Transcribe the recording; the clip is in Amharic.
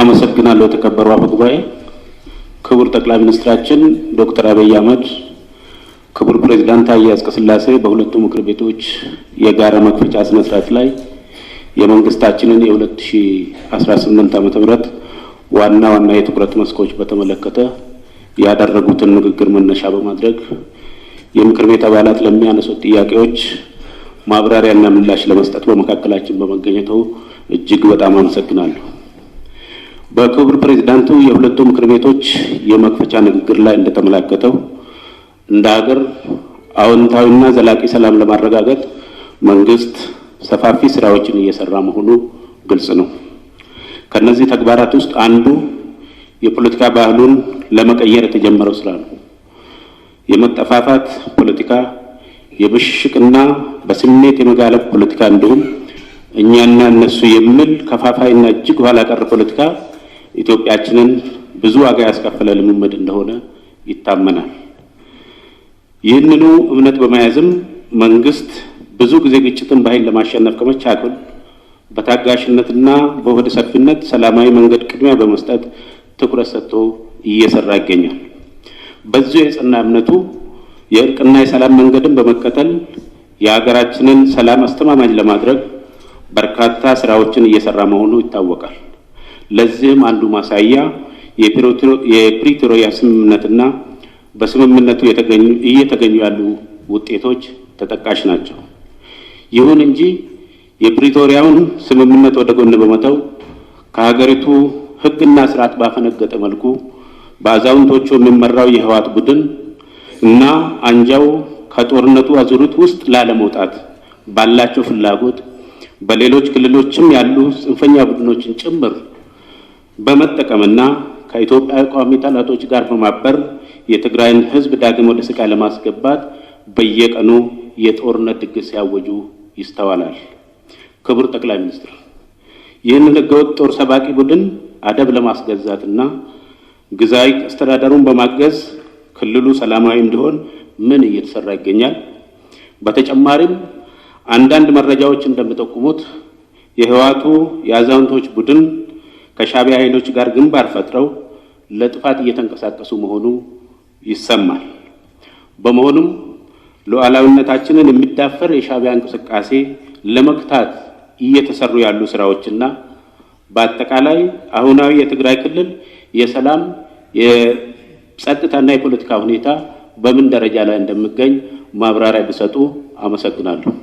አመሰግናለሁ። የተከበሩ አፈ ጉባኤ፣ ክቡር ጠቅላይ ሚኒስትራችን ዶክተር አብይ አህመድ፣ ክቡር ፕሬዚዳንት ታዬ አጽቀሥላሴ በሁለቱ ምክር ቤቶች የጋራ መክፈቻ ስነስርዓት ላይ የመንግስታችንን የ2018 ዓ ም ዋና ዋና የትኩረት መስኮች በተመለከተ ያደረጉትን ንግግር መነሻ በማድረግ የምክር ቤት አባላት ለሚያነሱት ጥያቄዎች ማብራሪያና ምላሽ ለመስጠት በመካከላችን በመገኘተው እጅግ በጣም አመሰግናለሁ። በክቡር ፕሬዚዳንቱ የሁለቱ ምክር ቤቶች የመክፈቻ ንግግር ላይ እንደተመላከተው እንደ ሀገር አዎንታዊና ዘላቂ ሰላም ለማረጋገጥ መንግስት ሰፋፊ ስራዎችን እየሰራ መሆኑ ግልጽ ነው። ከነዚህ ተግባራት ውስጥ አንዱ የፖለቲካ ባህሉን ለመቀየር የተጀመረው ስራ ነው። የመጠፋፋት ፖለቲካ፣ የብሽሽቅና በስሜት የመጋለብ ፖለቲካ እንዲሁም እኛና እነሱ የሚል ከፋፋይና እጅግ ኋላ ቀር ፖለቲካ ኢትዮጵያችንን ብዙ ዋጋ ያስከፈለ ልምምድ እንደሆነ ይታመናል። ይህንኑ እምነት በመያዝም መንግስት ብዙ ጊዜ ግጭትን በኃይል ለማሸነፍ ከመቻኩል በታጋሽነትና በሆደ ሰፊነት ሰላማዊ መንገድ ቅድሚያ በመስጠት ትኩረት ሰጥቶ እየሰራ ይገኛል። በዚሁ የጸና እምነቱ የእርቅና የሰላም መንገድን በመከተል የሀገራችንን ሰላም አስተማማኝ ለማድረግ በርካታ ስራዎችን እየሰራ መሆኑ ይታወቃል። ለዚህም አንዱ ማሳያ የፕሪቶሪያ ስምምነትና በስምምነቱ እየተገኙ ያሉ ውጤቶች ተጠቃሽ ናቸው። ይሁን እንጂ የፕሪቶሪያውን ስምምነት ወደ ጎን በመተው ከሀገሪቱ ሕግና ስርዓት ባፈነገጠ መልኩ በአዛውንቶቹ የሚመራው የህወሓት ቡድን እና አንጃው ከጦርነቱ አዙሪት ውስጥ ላለመውጣት ባላቸው ፍላጎት በሌሎች ክልሎችም ያሉ ጽንፈኛ ቡድኖችን ጭምር በመጠቀምና ከኢትዮጵያ ቋሚ ጠላቶች ጋር በማበር የትግራይን ህዝብ ዳግም ወደ ስቃይ ለማስገባት በየቀኑ የጦርነት ድግስ ሲያወጁ ይስተዋላል። ክቡር ጠቅላይ ሚኒስትር፣ ይህንን ህገወጥ ጦር ሰባቂ ቡድን አደብ ለማስገዛትና ግዛዊ አስተዳደሩን በማገዝ ክልሉ ሰላማዊ እንዲሆን ምን እየተሰራ ይገኛል? በተጨማሪም አንዳንድ መረጃዎች እንደሚጠቁሙት የህወሓቱ የአዛውንቶች ቡድን ከሻቢያ ኃይሎች ጋር ግንባር ፈጥረው ለጥፋት እየተንቀሳቀሱ መሆኑ ይሰማል። በመሆኑም ሉዓላዊነታችንን የሚዳፈር የሻቢያ እንቅስቃሴ ለመግታት እየተሰሩ ያሉ ስራዎችና በአጠቃላይ አሁናዊ የትግራይ ክልል የሰላም የጸጥታና የፖለቲካ ሁኔታ በምን ደረጃ ላይ እንደሚገኝ ማብራሪያ ቢሰጡ አመሰግናለሁ።